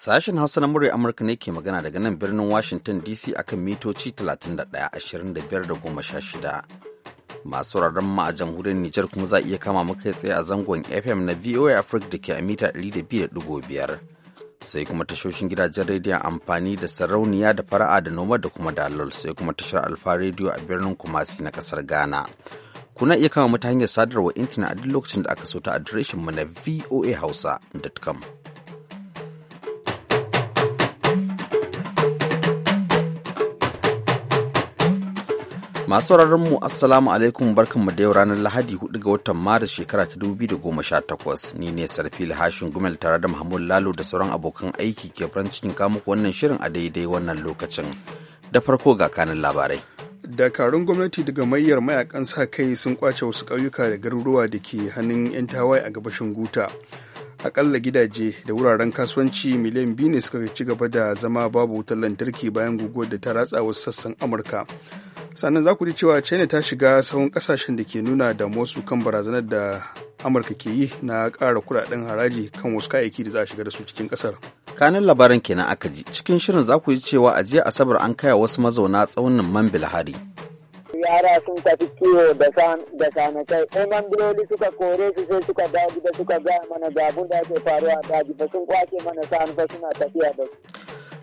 Sashen Hausa na murya Amurka ne ke magana daga nan birnin Washington DC akan mitoci 31.25.16. sha shida Masu wuraren ma a jamhuriyar Nijar kuma za iya kama muka tsaye a zangon FM na VOA Africa da ke a mita 200.5. Sai kuma tashoshin gidajen rediyo amfani da sarauniya da fara'a da noma da kuma dalol sai kuma tashar Alfa rediyo a birnin Kumasi na kasar Ghana. Kuna iya kama mu hanyar sadarwa intanet a duk lokacin da aka so ta adireshin mu na voahausa.com. Masu mu Assalamu alaikum barkan mu da yau ranar Lahadi 4 ga watan Maris shekara ta 2018. Ni ne Sarfi Lahashin Gumel tare da Mahmud Lalo da sauran abokan aiki ke farin cikin muku wannan shirin a daidai wannan lokacin. Da farko ga kanin labarai. Dakarun gwamnati daga mayar mayakan sa kai sun kwace wasu ƙauyuka da garuruwa da ke hannun 'yan tawaye a gabashin Guta. akalla gidaje da wuraren kasuwanci miliyan biyu ne suka ci gaba da zama babu wutar lantarki bayan guguwar da ta ratsa wasu sassan amurka sannan za ku ji cewa china ta shiga sahun kasashen da ke nuna da wasu kan barazanar da amurka ke yi na kara kudaden haraji kan wasu kayayyaki da za a shiga da su cikin ƙasar kanin labaran kenan aka ji cikin shirin za ku ji cewa a jiya asabar an kaya wasu mazauna tsaunin man bilhari. yara sun tafi kiwo da sanakai man manduloli suka kore su sai suka daji da suka gaya mana ga da ake faruwa daji ba sun kwace mana sanu suna tafiya da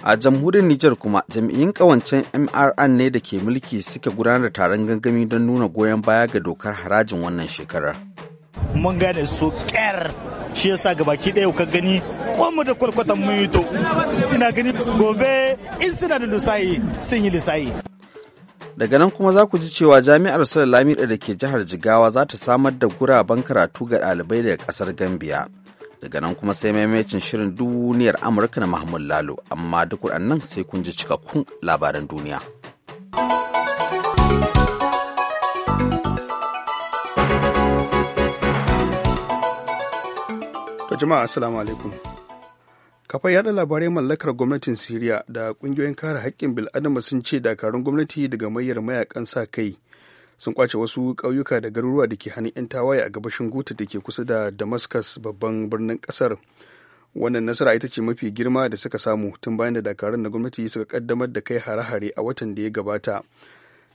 a jamhuriyar Nijar kuma jami'in kawancen MRN ne da ke mulki suka gudanar da taron gangami don nuna goyon baya ga dokar harajin wannan shekarar. Mun gane su ƙyar shi yasa baki ɗaya ka gani kwanmu da kwalkwatan mun yi to ina gani gobe in suna da lusayi sun yi lusayi. daga nan kuma za ku ji cewa jami'ar sulalami da ke jihar jigawa za ta samar da guraben karatu ga ɗalibai daga ƙasar gambia daga nan kuma sai maimacin shirin duniyar amurka na mahmud lalo amma duk waɗannan sai kun ji cikakkun labaran duniya jama'a assalamu alaikum kafar yada labarai mallakar gwamnatin siriya da ƙungiyoyin kare haƙƙin bil'adama sun ce dakarun gwamnati daga mayar mayakan sa kai sun kwace wasu ƙauyuka da garuruwa da ke hannun 'yan tawaye a gabashin guta da ke kusa da damascus babban birnin kasar wannan nasara ita ce mafi girma da suka samu tun bayan da dakarun na gwamnati suka kaddamar da kai hare-hare a watan da ya gabata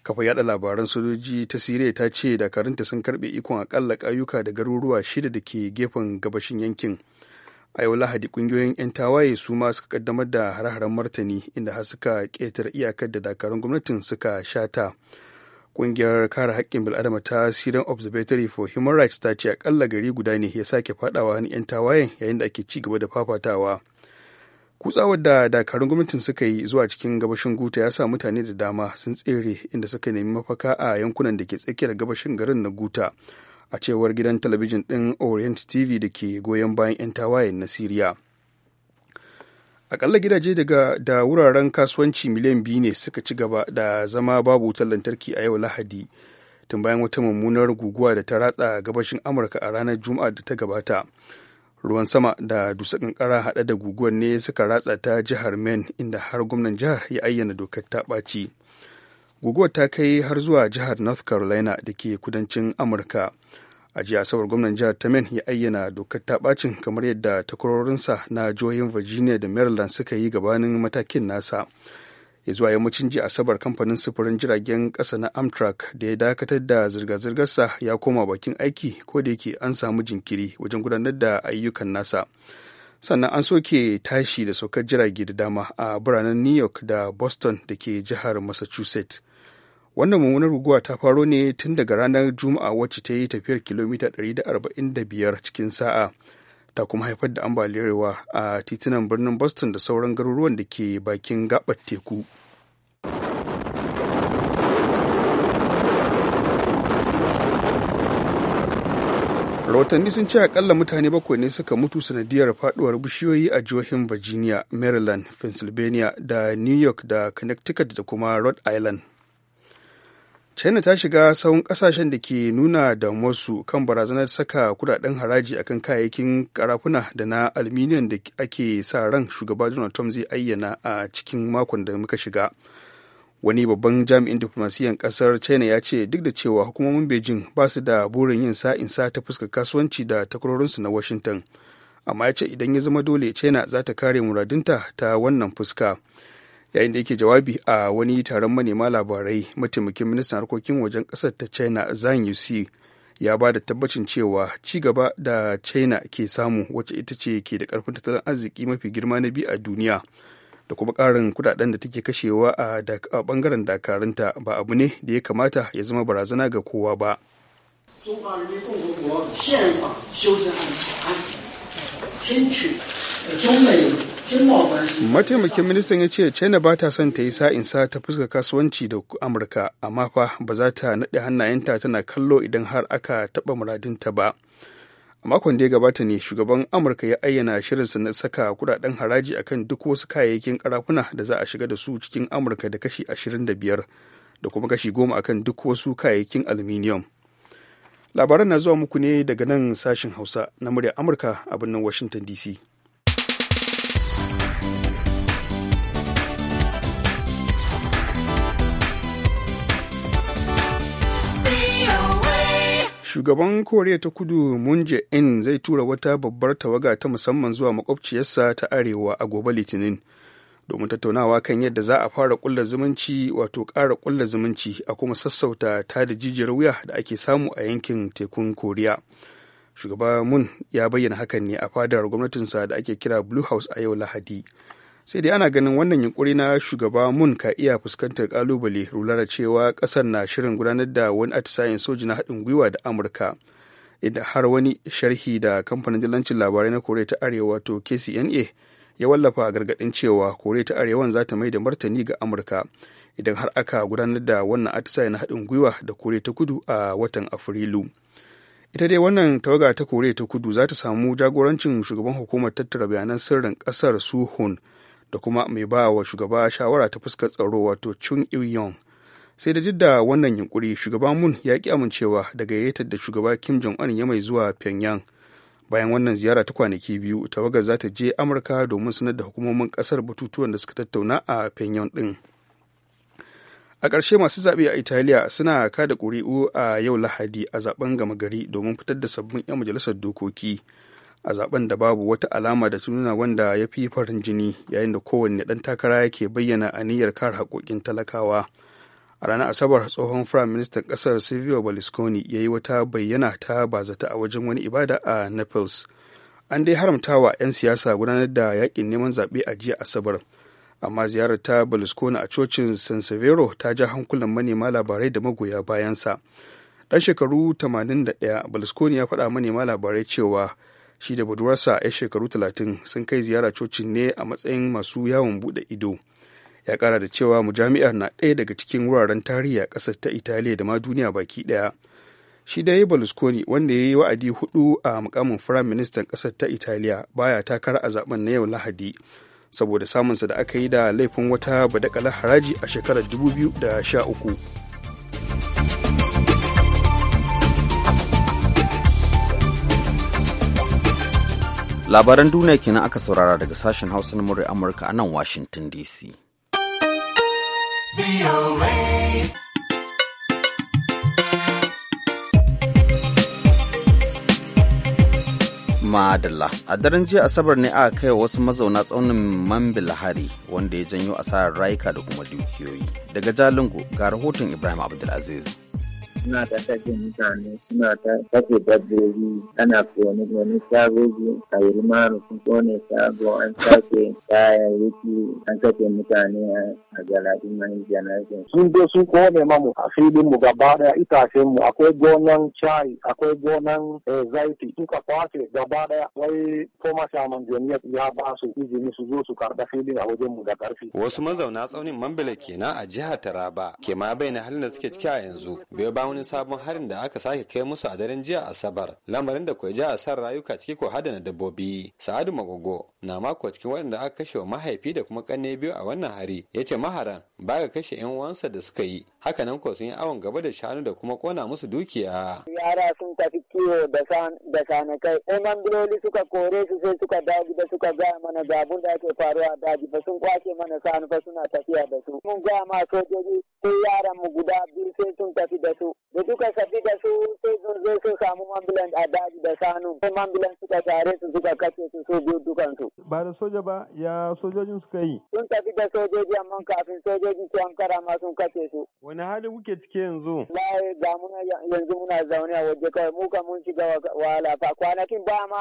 kafa yada labaran sojoji ta siriya ta ce dakarunta sun karbe ikon akalla ƙauyuka da garuruwa shida da ke gefen gabashin yankin a yau lahadi kungiyoyin 'yan tawaye su ma suka kaddamar da hare-haren martani inda har suka ƙetare iyakar da dakarun gwamnatin suka shata Ƙungiyar kare haƙƙin bil'adama ta Syrian Observatory for Human Rights ta ce akalla gari guda ne ya sake faɗawa hannun 'yan tawayen yayin da ake ci gaba da fafatawa. kutsawar da dakarun gwamnatin suka yi zuwa cikin gabashin guta ya sa mutane da dama sun tsere inda suka nemi mafaka a yankunan da ke tsakiyar gabashin garin na guta a cewar gidan talabijin din orient tv da ke goyon bayan 'yan tawayen na siriya akalla gidaje daga da wuraren kasuwanci miliyan biyu ne suka ci gaba da zama babu wutar lantarki a yau lahadi tun bayan wata mummunar guguwa da ta ratsa gabashin amurka a ranar juma'a da ta gabata ruwan sama da dusa kankara haɗe da guguwar ne suka ratsa ta jihar maine inda har gwamnan jihar ya ayyana dokar ta ɓaci guguwar ta kai har zuwa jihar north carolina da ke kudancin amurka a jiya asabar gwamnan jihar ta ya ayyana dokar ta bacin kamar yadda takwarorinsa na jihohin virginia da maryland suka yi gabanin matakin nasa ya zuwa yammacin jiya asabar kamfanin sufurin jiragen kasa na amtrak da ya dakatar da zirga-zirgarsa ya koma bakin aiki ko da yake an samu jinkiri wajen gudanar da ayyukan nasa sannan an soke tashi da saukar jirage da dama a biranen new york da boston da ke jihar massachusetts wannan mummunar guguwa ta faro ne tun daga ranar juma'a wacce ta yi tafiyar kilomita 145 cikin sa'a ta kuma haifar da ambaliyarwa a titunan birnin boston da sauran garuruwan da ke bakin gabar teku rahotanni sun ce akalla mutane bakwai ne suka mutu sanadiyar faduwar bishiyoyi a jihohin virginia maryland pennsylvania da new york da connecticut da kuma rhode island china ta shiga tsawon kasashen da ke nuna da wasu kan barazanar saka kudaden haraji akan kayayyakin karafuna da na aluminium da ake sa ran shugaba donald trump zai ayyana a cikin makon da muka shiga wani babban jami'in diplomasiyan kasar china ya ce duk da cewa hukumomin beijing ba su da burin yin sa'insa ta fuska kasuwanci da takwarorinsu na washington amma ya ce idan ya zama dole china za ta kare muradinta ta wannan fuska yayin da yake jawabi a wani taron manema labarai mataimakin ministan harkokin wajen kasar ta china zhang yusi ya ba da tabbacin cewa ci gaba da china ke samu wacce ita ce ke da karfin tattalin arziki mafi girma na biyu a duniya da kuma ƙarin kudaden da take kashewa a bangaren dakarunta ba abu ne da ya kamata ya zama barazana ga kowa ba mataimakin ministan ya ce china ba ta son ta yi sa'insa ta fuska kasuwanci da amurka amma fa ba za ta naɗe hannayenta tana kallo idan har aka taɓa muradinta ba a makon da ya gabata ne shugaban amurka ya ayyana shirinsa na saka kudaden haraji akan duk wasu kayayyakin karafuna da za a shiga da su cikin amurka da kashi ashirin da biyar da kuma kashi goma akan duk wasu kayayyakin aluminium labaran na zuwa muku ne daga nan sashen hausa na murya amurka a birnin washington dc shugaban koriya ta kudu moon in zai tura wata babbar tawaga ta musamman zuwa makwabciyarsa ta arewa a gobe litinin domin tattaunawa kan yadda za a fara kulla zumunci wato kara kulla zumunci a kuma sassauta ta da jijiyar wuya da ake samu a yankin tekun koriya shugaba mun ya bayyana hakan ne a fadar gwamnatinsa da ake kira blue house a yau lahadi sai dai ana ganin wannan yunkuri na shugaba mun ka iya fuskantar kalubale rular cewa kasar na shirin gudanar da wani atisayen soji na haɗin gwiwa da amurka inda har wani sharhi da kamfanin dillancin labarai na koriya ta arewa to kcna ya wallafa a gargaɗin cewa koriya ta arewan za ta mai da martani ga amurka idan har aka gudanar da wannan atisaye haɗin gwiwa da koriya ta kudu a watan afrilu ita dai wannan tawaga ta koriya ta kudu za ta samu jagorancin shugaban hukumar tattara bayanan sirrin kasar suhun da kuma mai ba wa shugaba shawara ta fuskar tsaro wato chun il-yong sai da wannan yunkuri shugaba mun ya ki amincewa da yayyatar da shugaba kim jong un ya mai zuwa pyongyang bayan wannan ziyara ta kwanaki biyu tawagar za ta je amurka domin sanar da hukumomin kasar batutuwan da suka tattauna a pyongyang din a ƙarshe masu zaɓe a italiya suna kada ƙuri'u a yau lahadi a zaben gama gari domin fitar da sabbin 'yan majalisar dokoki a zaben da babu wata alama da tununa wanda ya fi farin jini yayin da kowanne ɗan takara yake bayyana aniyar kare haƙoƙin talakawa a ranar asabar tsohon firayim ministan ƙasar silvio berlusconi ya yi wata bayyana ta bazata a wajen wani ibada a naples an dai haramtawa 'yan siyasa gudanar da yakin neman zaɓe a jiya asabar amma ziyarar ta berlusconi a cocin san severo ta ja hankulan manema labarai da magoya bayansa ɗan shekaru 81 berlusconi ya faɗa manema labarai cewa shi da budurwarsa ya shekaru 30 sun kai ziyara cocin ne a matsayin masu yawon bude ido ya kara da cewa mujami'ar na ɗaya daga cikin wuraren tarihi a ƙasar ta italiya da ma duniya baki ɗaya shi ya berlusconi wanda ya yi wa'adi hudu a mukamin firayim ministan ƙasar ta italiya baya takara a zaben na yau lahadi saboda samunsa da aka yi da laifin wata badakalar haraji a shekarar 2013 labaran duniya kenan aka saurara daga sashen hausa na murar amurka a nan washington dc Madalla. A daren jiya Asabar ne aka kai wasu mazauna tsaunin man hari wanda ya janyo asarar rayuka da kuma dukiyoyi. Daga Jalingo ga rahoton Ibrahim Abdulaziz. suna ta kashe mutane suna ta kashe dabbobi ana kone wani shagogi a yi maru sun kone shago an sake kayayyaki an kashe mutane a galadin mai janazin. sun je sun kone mamu a filin mu gaba daya itacen mu akwai gonan chai akwai gonan eh, zaiti ka kwace gaba daya wai koma shaman jami'ar ya ba su izini su zo su karɓa filin a wajen mu da ƙarfi. wasu mazauna tsaunin mambila kenan a jihar taraba ke ma bayyana halin da suke ciki a yanzu bai ba wani sabon harin da aka sake kai musu a daren jiya asabar lamarin da kuwa ja san rayuka ciki ko hadana dabbobi sa'adu magogo na mako cikin waɗanda aka kashe wa mahaifi da kuma ƙanne biyu a wannan hari ya ce maharan ba ga kashe yan uwansa da suka yi hakanan ko sun yi awon gaba da shanu da kuma kona musu dukiya. yara sun tafi kiwo da sanakai umar biloli suka kore su sai suka daji da suka gaya mana ga abun da ake faruwa daji ba sun kwace mana sanu fa suna tafiya da su mun gaya ma sojoji sai yaran mu guda biyu sai sun tafi da su da duka sabi da su sai sun zo sun samu mambilan a daji da sanu sai mambilan suka tare su suka kace su so biyu dukan su ba da soja ba ya sojojin suka yi sun tafi da sojoji amma kafin sojoji su an kara ma sun kace su wani hali kuke cike yanzu lai ga muna yanzu muna zaune a waje kawai, mu ka mun shiga wahala fa kwanakin ba ma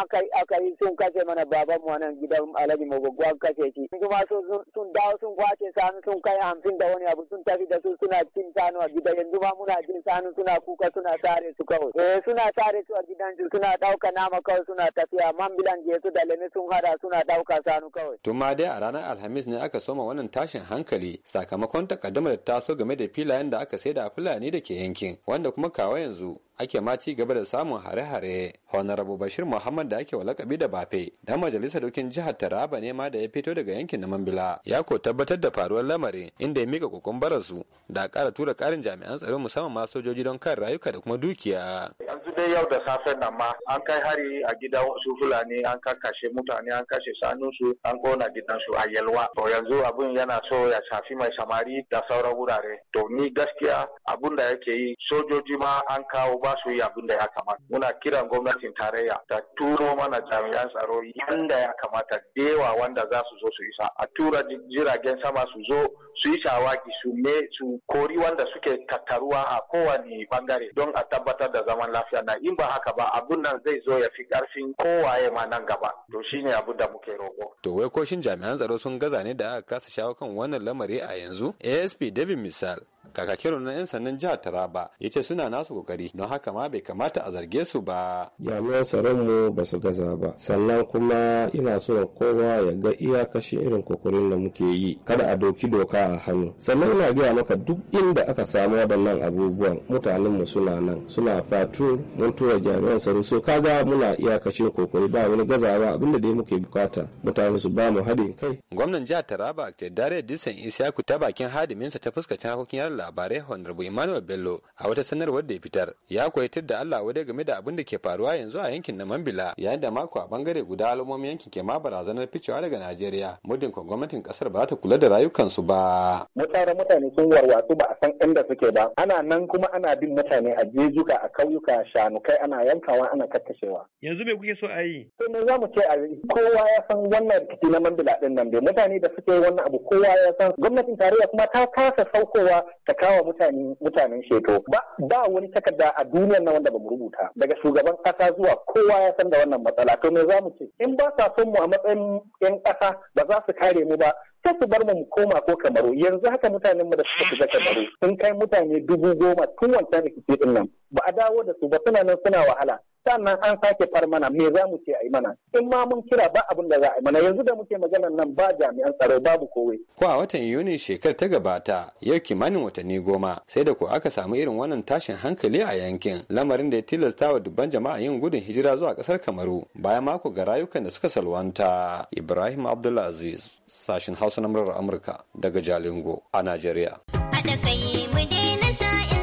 aka yi sun kace mana baban mu nan gidan Alhaji Mogoggo an kace shi kuma sun dawo sun kwace sanu sun kai hamsin da wani abu sun tafi da su suna cin sanu a gida yanzu ma muna kashin sanu suna kuka suna tare su kawai eh suna tare su a gidan su suna dauka nama kawai suna tafiya man bilan je su da lame sun hada suna dauka sanu kawai to ma dai a ranar alhamis ne aka soma wannan tashin hankali sakamakon takaddamar da taso game da filayen da aka saida a fulani da ke yankin wanda kuma kawa yanzu ake ma ci gaba da samun hare-hare honorable bashir muhammad da ake walakabi da bafe dan majalisar dokin jihar taraba ne ma da ya fito daga yankin na mambila ya ko tabbatar da faruwar lamarin inda ya mika kokon su da ƙara tura ƙarin jami'an tsaro musamman ma sojoji don kan rayuka da kuma dukiya yanzu dai yau da safen nan ma an kai hari a gidan wasu fulani an kakashe mutane an kashe sanusu an kona gidansu a yalwa to yanzu abun yana so ya shafi mai samari da sauran wurare to ni gaskiya abun da yake yi sojoji ma an kawo ba ba su yi abin da ya kamata muna kiran gwamnatin tarayya ta turo mana jami'an tsaro yanda ya kamata dewa wanda za su zo su isa a tura jiragen sama su zo su yi shawaki su me su kori wanda suke tattaruwa a kowane bangare don a tabbatar da zaman lafiya na in ba haka ba abun nan zai zo ya fi karfin kowaye ma nan gaba to shine abin da muke roƙo. to wai ko shin jami'an tsaro sun gaza ne da aka kasa shawo kan wannan lamari a yanzu asp david misal kero na 'yan sannan jihar taraba ya ce suna nasu kokari don haka ma bai kamata a zarge su ba jami'an tsaronmu ba su gaza ba sannan kuma ina so da kowa ya ga iya irin kokarin da muke yi kada a doki doka a hannu sannan ina gaya maka duk inda aka samu waɗannan abubuwan mutanenmu suna nan suna fatu mun tura jami'an tsaro so kaga muna iya kashe kokari ba wani gazawa abinda dai muke bukata mutane su ba mu haɗin kai gwamnan jihar taraba dare disan ku ta bakin hadiminsa ta fuskanci harkokin labarai honorable emmanuel bello a wata sanarwar da ya fitar ya koyatar da allah wadai game da abin da ke faruwa yanzu a yankin na mambila yayin da mako a bangare guda al'ummomin yankin ke ma barazanar ficewa daga najeriya muddin ko gwamnatin kasar ba ta kula da rayukansu ba mutane mutane sun warwatsu ba a san inda suke ba ana nan kuma ana bin mutane a jejuka a kauyuka shanukai ana yankawa ana kakkashewa yanzu me kuke so a yi to za mu ce a yi kowa ya san wannan rikici na mambila din nan bai mutane da suke wannan abu kowa ya san gwamnatin tarayya kuma ta kasa saukowa Ka kawo mutane mutanen sheto ba ba wani takarda a duniyar na wanda ba mu rubuta daga shugaban kasa zuwa kowa ya san da wannan matsala to me za mu ce in ba sa son mu a matsayin yan kasa ba za su kare mu ba sai su bar mu mu koma ko kamaru yanzu haka mutanen mu da suka shiga kamaru sun kai mutane dubu goma tun wancan rikici din nan ba a dawo da su ba suna nan suna wahala sannan an sake far mana me za mu ce a yi mana in ma mun kira ba abin da za a yi mana yanzu da muke magana nan ba jami'an tsaro babu kowai. ko a watan yuni shekar ta gabata yau kimanin watanni goma sai da ko aka samu irin wannan tashin hankali a yankin lamarin da ya tilasta wa dubban jama'a yin gudun hijira zuwa kasar kamaru bayan mako ga rayukan da suka salwanta ibrahim abdulaziz sashin hausa na murar amurka daga jalingo a najeriya. mu daina sa'in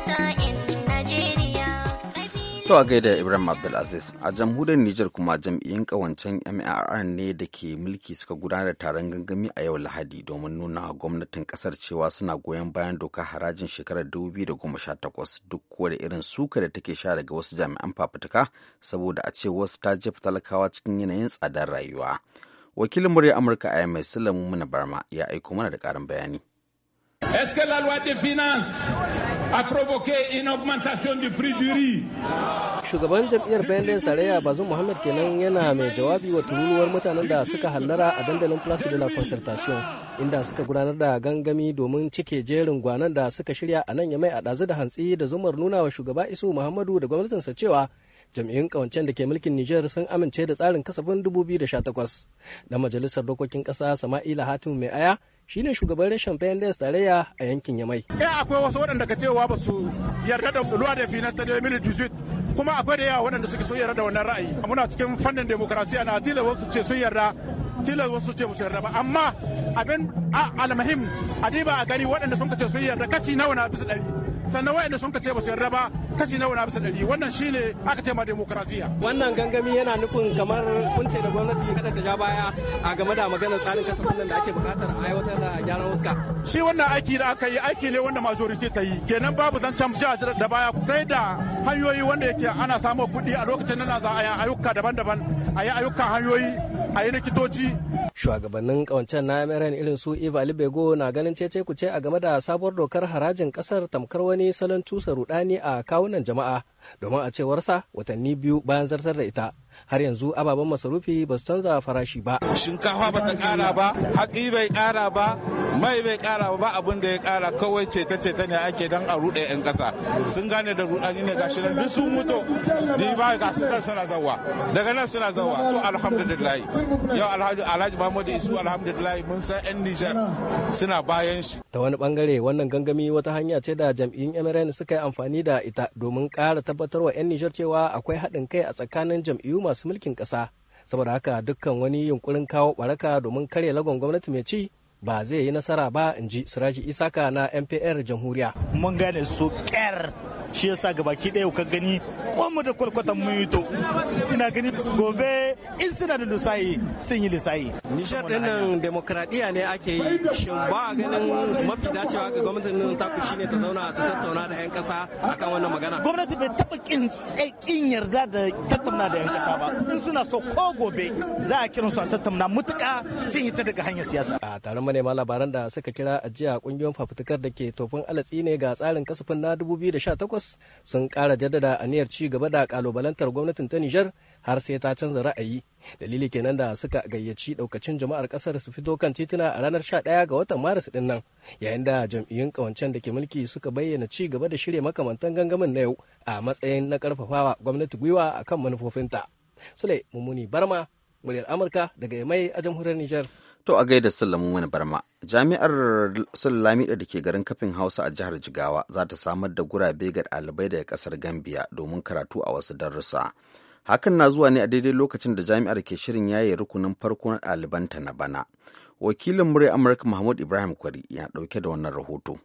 To a gaida Ibrahim Abdulaziz a jamhuriyar Nijar kuma jam'iyyun kawancen MRR ne da ke mulki suka gudanar taron gangami a yau Lahadi domin nuna gwamnatin kasar cewa suna goyon bayan doka harajin shekarar 2018 duk kuwa da irin suka da take sha daga wasu jami'an fafutuka saboda a ce wasu ta jefa talakawa cikin yanayin tsadar rayuwa. Wakilin murya Amurka a mai Muna Barma ya aiko mana da karin bayani. Est-ce que la loi des finances a provoqué une augmentation du prix du riz? Shugaban jam'iyyar Bayan tarayya Bazum Muhammad kenan yana mai jawabi wa tururuwar mutanen da suka hallara a dandalin Place de la Concertation inda suka gudanar da gangami domin cike jerin gwanan da suka shirya a nan ya mai a ɗazu da hantsi da zumar nuna wa shugaba Isu Muhammadu da sa cewa jam'iyyun kawancen da ke mulkin Nijar sun amince da tsarin kasafin 2018 da majalisar dokokin kasa Sama'ila Hatim Mai Aya shine shugaban rashin fayandes tarayya a yankin Yamai. Eh akwai wasu waɗanda ka cewa ba su yarda da luwa da fina ta Emily Dusit kuma akwai da yawa waɗanda suke sun yarda da wannan ra'ayi. Muna cikin fannin demokarasiya na tilas wasu ce sun yarda tilas wasu ce musu yarda ba amma abin almahim adiba a gani waɗanda sun ce sun yarda kashi nawa na bisa ɗari. sannan wayanda sun kace ba su yarda ba kashi nawa na bisa dari wannan shine aka ce ma demokaradiyya wannan gangami yana nufin kamar kunce da gwamnati kada ta ja baya a game da maganar tsarin kasafin nan da ake bukatar a aiwatar da gyaran wuska shi wannan aiki da aka yi aiki ne wanda majority ta yi kenan babu zancen ja da baya sai da hanyoyi wanda yake ana samun kuɗi a lokacin nan za a ayyuka daban-daban a yi ayyukan hanyoyi a yi likitoci. Shugabannin kawancen na MRN irin su Eva Libego na ganin cece ce a game da sabuwar dokar harajin kasar tamkar wani salon cusa rudani a kawunan jama'a domin a cewarsa watanni biyu bayan zartar da ita har yanzu ababen masarufi ba su canza farashi ba shinkafa ba ta kara ba hatsi bai kara ba mai bai kara ba abin da ya kara kawai ceta ceta ne ake dan a rude yan kasa sun gane da rudani ne gashi nan duk sun mutu ni ba ga su suna zawa daga nan suna zawa to alhamdulillah yau alhaji alhaji Muhammadu Isu alhamdulillah mun san yan nijar suna bayan shi ta wani bangare wannan gangami wata hanya ce da jam'iyyun MRN suka yi amfani da ita domin kara tabbatarwa yan nijar cewa akwai haɗin kai a tsakanin jam'iyyu masu mulkin ƙasa saboda haka dukkan wani yunkurin kawo baraka domin kare lagon gwamnati mai ci ba zai yi nasara ba in ji siraji isaka na mpr jamhuriya mun gane su ƙyar shi yasa gabaki ɗaya ka gani kwanmu da kwalkwatan mun yi to ina gani gobe in suna da lusayi sun yi lusayi. nishar ɗinnan demokradiyya ne ake yi shin ba a ganin mafi dacewa ga gwamnatin nan taku shine ta zauna ta tattauna da 'yan kasa akan wannan magana. Gwamnati bai taba kin yarda da tattauna da 'yan kasa ba in suna so ko gobe za a kiran su a tattauna mutuka sun yi ta daga hanyar siyasa. A taron manema labaran da suka kira a jiya kungiyoyin fafutukar da ke tofin alatsi ne ga tsarin kasafin na 2018 Abbas sun ƙara jaddada a niyyar ci gaba da ƙalubalantar gwamnatin ta Nijar har sai ta canza ra'ayi. Dalili kenan da suka gayyaci ɗaukacin jama'ar ƙasar su fito kan tituna a ranar 11 ga watan Maris dinnan. yayin da jam'iyyun ƙawancen da ke mulki suka bayyana ci gaba da shirya makamantan gangamin na yau a matsayin na ƙarfafawa gwamnati gwiwa akan manufofinta. Sule Mummuni Barma, muryar Amurka daga Yamai a jamhuriyar Nijar. To a gaida Sallamu wani barma, jami'ar Sullamida da ke garin kafin Hausa a jihar Jigawa za ta samar da gurabe ga ɗalibai daga ƙasar Gambia domin karatu a wasu darussa. Hakan na zuwa ne a daidai lokacin da jami'ar ke shirin yaye rukunin farko na ɗalibanta na bana. Wakilin murya Amurka Mahmud Ibrahim Kwari ya ɗauke da wannan rahoto.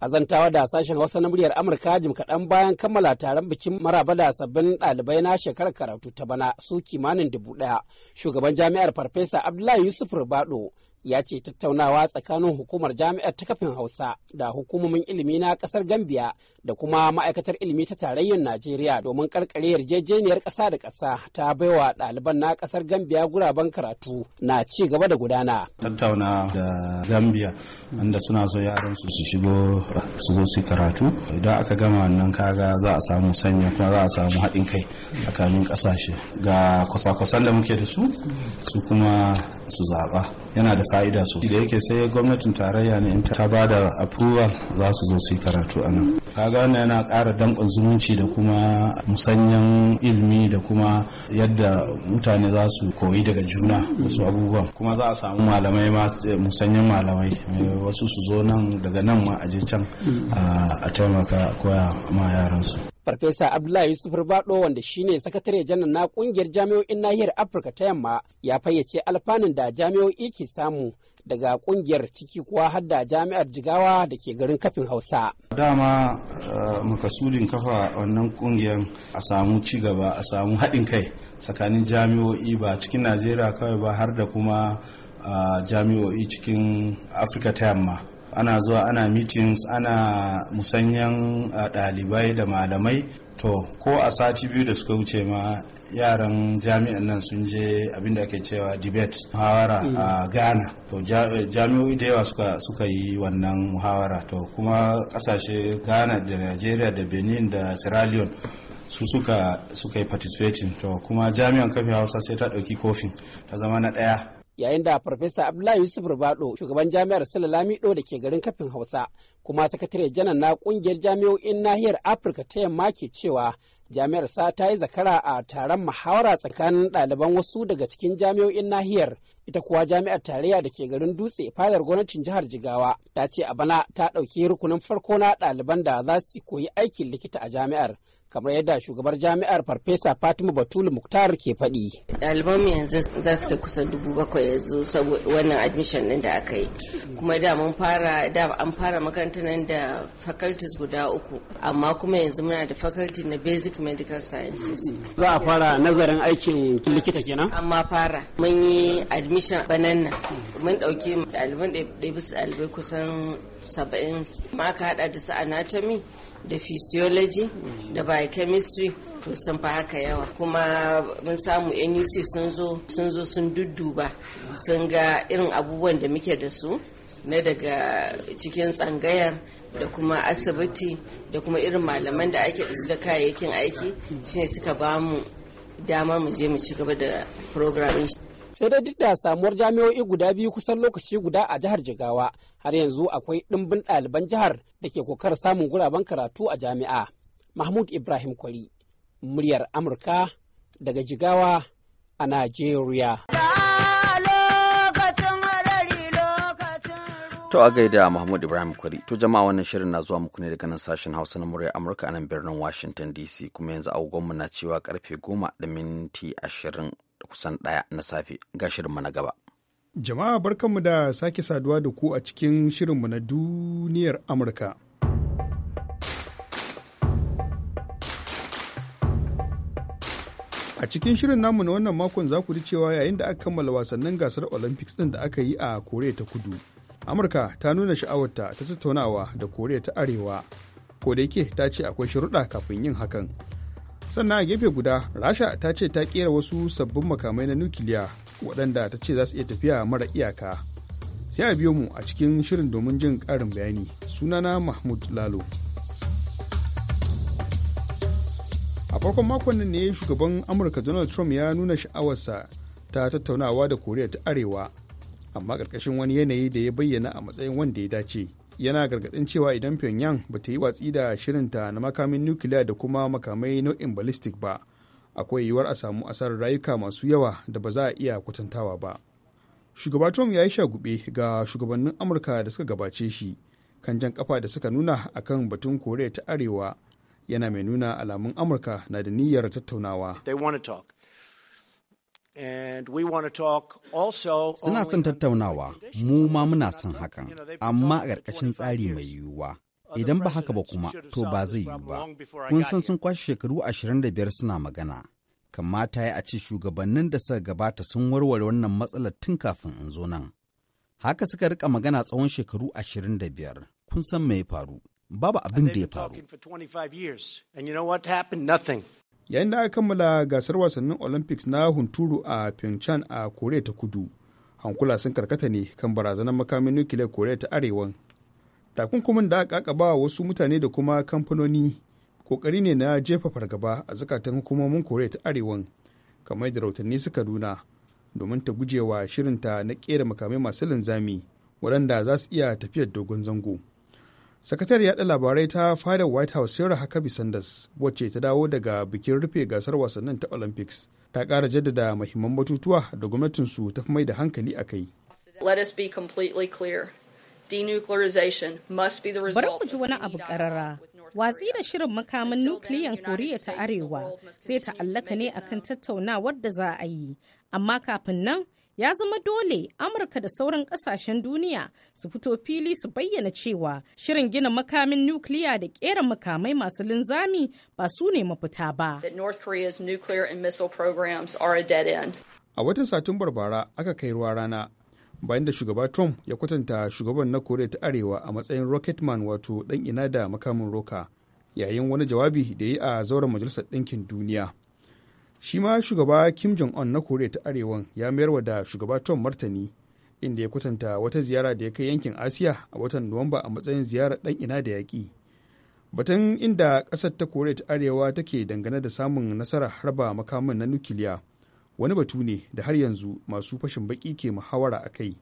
azantawa da sashen hausa na muryar amurka jim kaɗan bayan kammala taron bikin maraba da sabbin ɗalibai na shekarar karatu ta bana su kimanin dubu ɗaya shugaban jami'ar farfesa abdullahi yusuf rubado ya ce tattaunawa tsakanin hukumar jami'ar ta kafin hausa da hukumomin ilimi na kasar gambia da kuma ma'aikatar ilimi ta tarayyar najeriya domin karkare yarjejeniyar kasa da kasa ta baiwa ɗaliban na ƙasar gambia guraben karatu na ci gaba da gudana tattauna da gambia wanda suna so yaran su su shigo su zo su karatu idan aka gama wannan kaga za a samu sanya kuma za a samu haɗin kai tsakanin ƙasashe ga kwasa-kwasan da muke da su su kuma su zaɓa yana da fa'ida sosai da yake sai gwamnatin tarayya ne ta ba da approval za su zo su yi karatu a nan kaga wannan yana ƙara danƙon zumunci da kuma musanyen ilimi da kuma yadda mutane za su koyi daga juna su abubuwan kuma za a samu malamai musanyan malamai wasu su zo nan daga nan ma aje can mm. a taimaka koya ma yaransu Farfesa Abdullahi Yusuf Rubado wanda shine sakatare janar na kungiyar jami'o'in nahiyar Afirka ta yamma ya fayyace alfanun da jami'o'i ke samu daga kungiyar ciki kuwa hadda jami'ar jigawa da ke garin kafin hausa dama eh, makasudin kafa wannan kungiyar a samu ci gaba a samu haɗin kai tsakanin jami'o'i ba cikin najeriya kawai ba har da kuma eh, jami'o'i cikin afirka ta yamma ana zuwa ana meetings ana musanyan eh, ɗalibai da malamai to ko a sati biyu da suka wuce ma yaran jami'an nan sun je abinda ake cewa debate muhawara a mm. ghana to jami'o'i da yawa suka yi wannan muhawara to kuma kasashe ghana da nigeria da benin da sierra leone su suka yi participating to kuma jami'an kafin hausa sai ta ɗauki kofin ta zama na ɗaya yayin da farfesa abdullahi yusuf rubado shugaban jami'ar salalamido da ke garin kafin hausa kuma sakatare janar na kungiyar jami'o'in nahiyar afirka ta yamma ke cewa jami'ar sa ta yi zakara a taron muhawara tsakanin ɗaliban wasu daga cikin jami'o'in nahiyar ita kuwa jami'ar tarayya da ke garin dutse fadar gwamnatin jihar jigawa ta ce a bana ta ɗauki rukunin farko na ɗaliban da za su koyi aikin likita a jami'ar kamar yadda shugabar jami'ar farfesa fatima batulu muktar ke faɗi. ɗaliban yanzu za su kai kusan dubu bakwai yanzu saboda wannan admission ɗin da aka yi kuma da mun fara da an fara makarantar nan da faculties guda uku amma kuma yanzu muna da faculty na basic medical sciences za a fara nazarin aikin likita kenan amma fara mun yi admission banana mun dauke ɗaliban ɗaya bisa ɗalibai kusan saba'in ma aka hada da su anatomy da physiology da biochemistry to sun fa haka yawa kuma mun samu nuc sun zo sun zo sun dudduba sun ga irin abubuwan da muke da su na daga cikin tsangayar da kuma asibiti da kuma irin malaman da ake da su da kayayyakin aiki shine suka ba mu dama mu je mu ci gaba da programming sai dai duk da samuwar jami'o'i guda biyu kusan lokaci guda a jihar jigawa har yanzu akwai ɗimbin ɗaliban jihar da ke kokar samun guraben karatu a jami'a mahmud ibrahim kwari muryar amurka daga jigawa a najeriya To a gaida Mahmud Ibrahim Kwari. To jama'a wannan shirin na zuwa muku ne daga nan sashen Hausa na murya Amurka a nan birnin Washington DC kuma yanzu agogonmu na cewa karfe goma da minti ashirin da kusan ɗaya na safe ga shirinmu na gaba. Jama'a barkanmu da sake saduwa da ku a cikin shirinmu na duniyar Amurka. A cikin shirin namu na wannan makon za ku ji cewa yayin da aka kammala wasannin gasar Olympics ɗin da aka yi a Koriya ta Kudu. Amurka ta nuna sha'awarta ta tattaunawa da Koriya ta Arewa, ko da yake ta ce akwai sharuɗa kafin yin hakan. sannan a gefe guda rasha ta ce ta kera wasu sabbin makamai na nukiliya waɗanda ta ce za su iya tafiya mara iyaka sai a biyo mu a cikin shirin domin jin ƙarin bayani sunana mahmud lalo a farkon makon nan ne shugaban amurka donald trump ya nuna sha'awarsa ta tattaunawa da koriya ta arewa amma ƙarƙashin wani yanayi da ya bayyana a matsayin wanda ya dace yana gargadin cewa idan pyongyang ba ta yi watsi da shirinta na makamin nukiliya da kuma makamai nau'in ballistic ba akwai yiwuwar a samu asarar rayuka masu yawa da ba za a iya kwatantawa ba shugaba trump ya yi shagube ga shugabannin amurka da suka gabace shi kan jan kafa da suka nuna akan batun koriya ta arewa yana mai nuna alamun amurka na da niyyar tattaunawa Suna son tattaunawa, mu ma muna son hakan, amma a ƙarƙashin tsari mai yiwuwa. Idan ba haka ba kuma, to ba zai yiwu ba. Kun san sun kwashe shekaru ashirin 25 suna magana. Kamata ya a ce shugabannin da suka gabata sun warware wannan matsalar tun kafin in zo nan. Haka suka rika magana tsawon shekaru ashirin 25. Kun san me ya faru? Babu abin da ya faru. yayin da aka kammala gasar wasannin olympics na hunturu a pyeongchang a korea ta kudu hankula sun karkata ne kan barazanar makamin nukiliyar korea ta arewan takunkumin da aka kaba wasu mutane da kuma kamfanoni kokari ne na jefa fargaba a zakatan hukumomin korea ta arewan kamar da rautanni suka nuna domin ta gujewa shirinta na kera makamai masu linzami waɗanda za su iya tafiyar dogon zango sakatar yaɗa labarai ta fada white house sarah huckabee sanders wacce ta dawo daga bikin rufe gasar wasannin ta olympics ta ƙara jaddada mahimman batutuwa da gwamnatinsu ta fi mai da hankali a kai bari mu ji wani abu ƙarara watsi da shirin makamin nukiliyan koriya ta arewa zai ta'allaka ne akan tattaunawar da za a yi amma kafin nan ya zama dole amurka da sauran kasashen duniya su fito fili su bayyana cewa shirin gina makamin nukiliya da kera makamai masu linzami ba su ne mafita ba a watan satumbar bara aka kai ruwa rana bayan da shugaba trump ya kwatanta shugaban na koriya ta arewa a matsayin rocket man wato dan ina da makamin roka yayin wani jawabi da yi a zauren majalisar ɗinkin duniya shi ma shugaba kim jong un na koriya ta arewan ya mayarwa da shugaba tom martani inda ya kwatanta wata ziyara da ya kai yankin asiya a watan nuwamba a matsayin ziyarar dan ina da yaƙi batun inda ƙasar ta koriya ta arewa take dangane da samun nasara harba makamin na nukiliya wani batu ne da har yanzu masu fashin baki ke muhawara a kai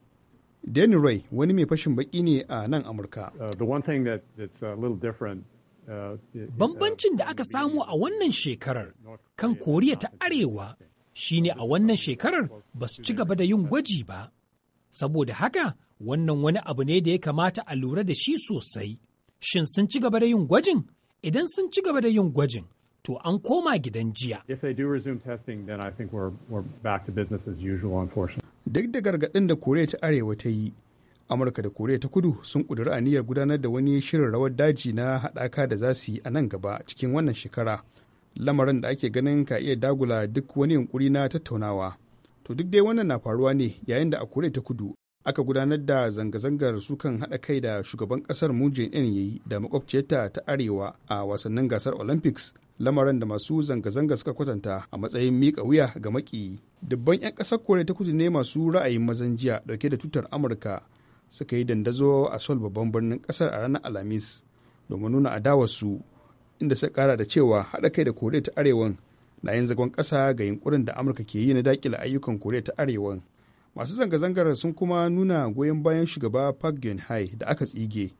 danny roy wani mai fashin baki ne a nan amurka uh, Bambancin da aka samu a wannan shekarar kan Koriya ta Arewa shi ne a wannan shekarar ba su ci gaba da yin gwaji ba. Saboda haka wannan wani abu ne da ya kamata a lura da shi sosai. Shin sun ci gaba da yin gwajin? Idan sun ci gaba da yin gwajin, to an koma gidan jiya. Duk da gargaɗin da Koriya ta Arewa ta yi, amurka da koriya ta kudu sun ƙudiri aniyar gudanar da wani shirin rawar daji na haɗaka da za su yi a nan gaba cikin wannan shekara lamarin da ake ganin ka iya dagula duk wani yunkuri na tattaunawa to duk dai wannan na faruwa ne yayin da a koriya ta kudu aka gudanar da zanga-zangar sukan haɗa kai da shugaban ƙasar Moon in yayi da makwabciyarta ta arewa a wasannin gasar Olympics lamarin da masu zanga-zanga suka kwatanta a matsayin miƙa wuya ga maki. Dubban 'yan ƙasar Koriya ta kudu ne masu ra'ayin mazan jiya ɗauke da tutar Amurka suka yi dandazo a sol babban birnin kasar a ranar alhamis domin nuna adawarsu inda suka kara da cewa haɗa kai da koriya ta arewan na yin zagon ƙasa ga yunkurin da amurka ke yi na dakila ayyukan koriya ta arewan masu zanga-zangar sun kuma nuna goyon bayan shugaba park geun da aka tsige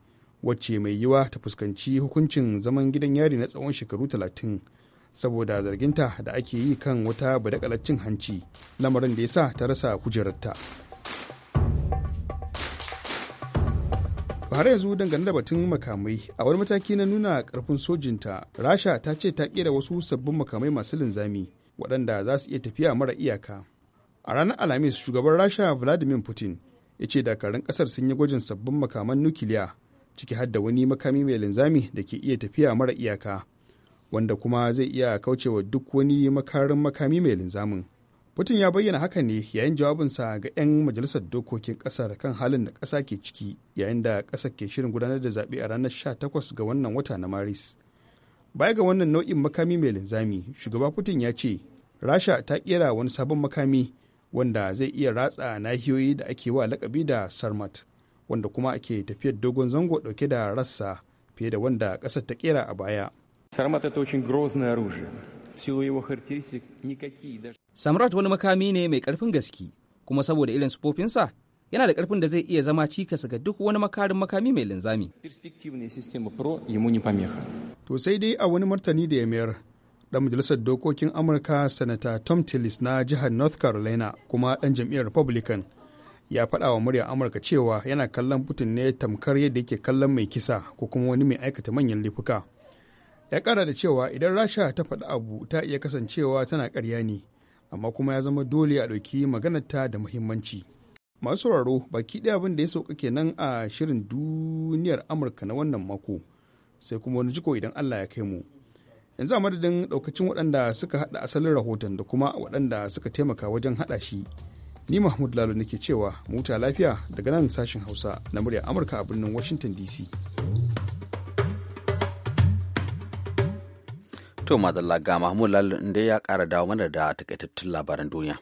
wacce mai yiwa ta fuskanci hukuncin zaman gidan yari na tsawon shekaru talatin saboda zarginta da ake yi kan wata badakalaccin cin hanci lamarin da ya sa ta rasa kujerarta. har yanzu dangane da batun makamai a wani mataki na nuna karfin sojinta rasha ta ce ta kera wasu sabbin makamai masu linzami waɗanda za su iya tafiya mara iyaka a ranar alhamis shugaban rasha vladimir putin ya ce dakarun ƙasar sun yi gwajin sabbin makaman nukiliya ciki har da wani makami mai linzami da ke iya tafiya mara iyaka wanda kuma zai iya kaucewa duk wani makarin makami mai linzamin Putin ya bayyana haka ne yayin jawabinsa ga 'yan majalisar dokokin kasar kan halin da ƙasa ke ciki yayin da ƙasar ke shirin gudanar da zaɓe a ranar 18 ga wannan wata na Maris. Baya ga wannan nau'in makami mai linzami, shugaba Putin ya ce, Rasha ta ƙera wani sabon makami wanda zai iya ratsa nahiyoyi da ake wa lakabi da Sarmat, wanda kuma ake tafiyar dogon zango ɗauke da rassa fiye da wanda ƙasar ta kera a baya. Sarmat в wani makami ne mai karfin gaske kuma saboda irin sufofinsa yana da karfin da zai iya zama cikasa ga duk wani makarin makami mai linzami. To sai dai a wani martani da ya mayar dan majalisar dokokin Amurka Sanata Tom Tillis na jihar North Carolina kuma dan jam'iyyar Republican ya faɗa wa muryar Amurka cewa yana kallon Putin ne tamkar yadda yake kallon mai kisa ko kuma wani mai aikata manyan laifuka. ya kara da cewa idan rasha ta faɗi abu ta iya kasancewa tana karya ne amma kuma ya zama dole a ɗauki maganarta da muhimmanci masu sauraro baki ɗaya abin da ya sauka kenan a shirin duniyar amurka na wannan mako sai kuma wani jiko idan allah ya kai mu yanzu a madadin ɗaukacin waɗanda suka haɗa asalin rahoton da kuma waɗanda suka taimaka wajen haɗa shi ni mahmud lalo nake cewa muta lafiya daga nan sashen hausa na murya amurka a birnin washington dc To madalla ga Mahmud Lalu inda ya ƙara dawo mana da takaitattun labaran duniya.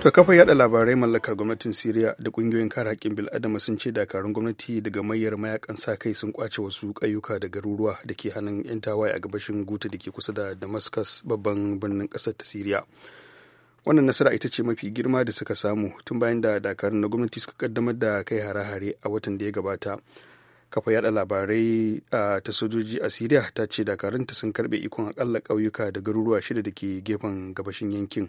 To kafa yada labarai mallakar gwamnatin Siriya da kungiyoyin kare haƙƙin bil'adama sun ce dakarun gwamnati daga mayar mayakan sa kai sun kwace wasu ƙayyuka da garuruwa da ke hannun 'yan tawaye a gabashin Guta da ke kusa da Damascus babban birnin ƙasar ta Siriya. wannan nasara ita ce mafi girma da suka samu tun bayan da dakarun na gwamnati suka kaddamar da kai hare-hare a watan da ya gabata kafa yada labarai ta sojoji a syria ta ce dakarunta sun karbe ikon akalla ƙauyuka da garuruwa shida da ke gefen gabashin yankin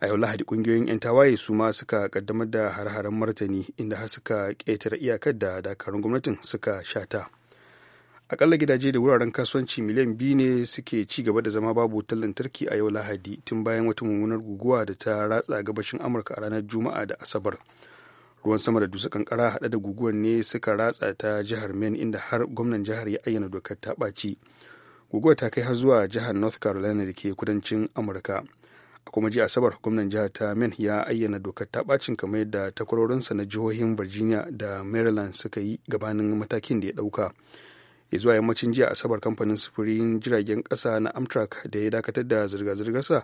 a yau lahadi ƙungiyoyin 'yan tawaye su ma suka kaddamar da hare haren martani inda har suka ƙetare iyakar da dakarun gwamnatin suka shata. akalla gidaje da wuraren kasuwanci miliyan biyu ne suke ci gaba da zama babu wutar lantarki a yau lahadi tun bayan wata mummunar guguwa da ta ratsa gabashin amurka a ranar juma'a da asabar ruwan sama da dusa kankara hada da guguwar ne suka ratsa ta jihar maine inda har gwamnan jihar ya ayyana dokar ta ɓaci guguwar ta kai har zuwa jihar north carolina da ke kudancin amurka a kuma ji asabar gwamnan jihar ta maine ya ayyana dokar ta ɓacin kamar yadda takwarorinsa na jihohin virginia da maryland suka yi gabanin matakin da ya ɗauka ya zuwa yammacin jiya asabar kamfanin sufurin jiragen kasa na amtrak da ya dakatar da zirga-zirgarsa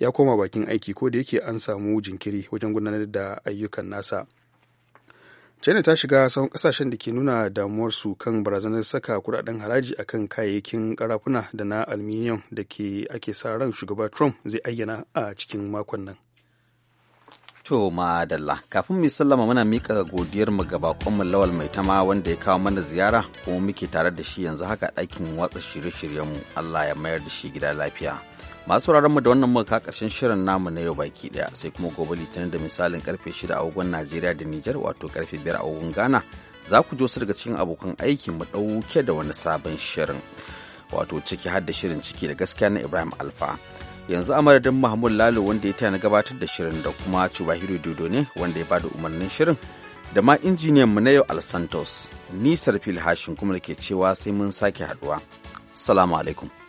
ya koma bakin aiki ko da yake an samu jinkiri wajen gudanar da ayyukan nasa china ta shiga sahun kasashen da ke nuna damuwarsu kan barazanar saka kudaden haraji akan kayayyakin karafuna da na aluminium da ke ake sa ran shugaba trump zai ayyana a cikin makon nan To madalla kafin mu sallama muna mika godiyar mu ga bakonmu lawal mai tama wanda ya kawo mana ziyara kuma muke tare da shi yanzu haka ɗakin watsa shirye-shiryen mu Allah ya mayar da shi gida lafiya. Masu mu da wannan muka karshen shirin namu na yau baki ɗaya sai kuma gobe litinin da misalin karfe 6 agogon Najeriya da Nijar wato karfe 5 agogon Ghana za ku jo wasu daga cikin abokan aiki mu ɗauke da wani sabon shirin wato ciki har da shirin ciki da gaskiya na Ibrahim Alfa. yanzu amaradin mahmud lalo wanda ya na gabatar da shirin da kuma chubahiro dodo ne wanda ya bada umarnin shirin da ma injiniyan mu na yau AlSantos nisar ni sarfil hashin kuma da ke cewa sai mun sake haduwa salamu alaikum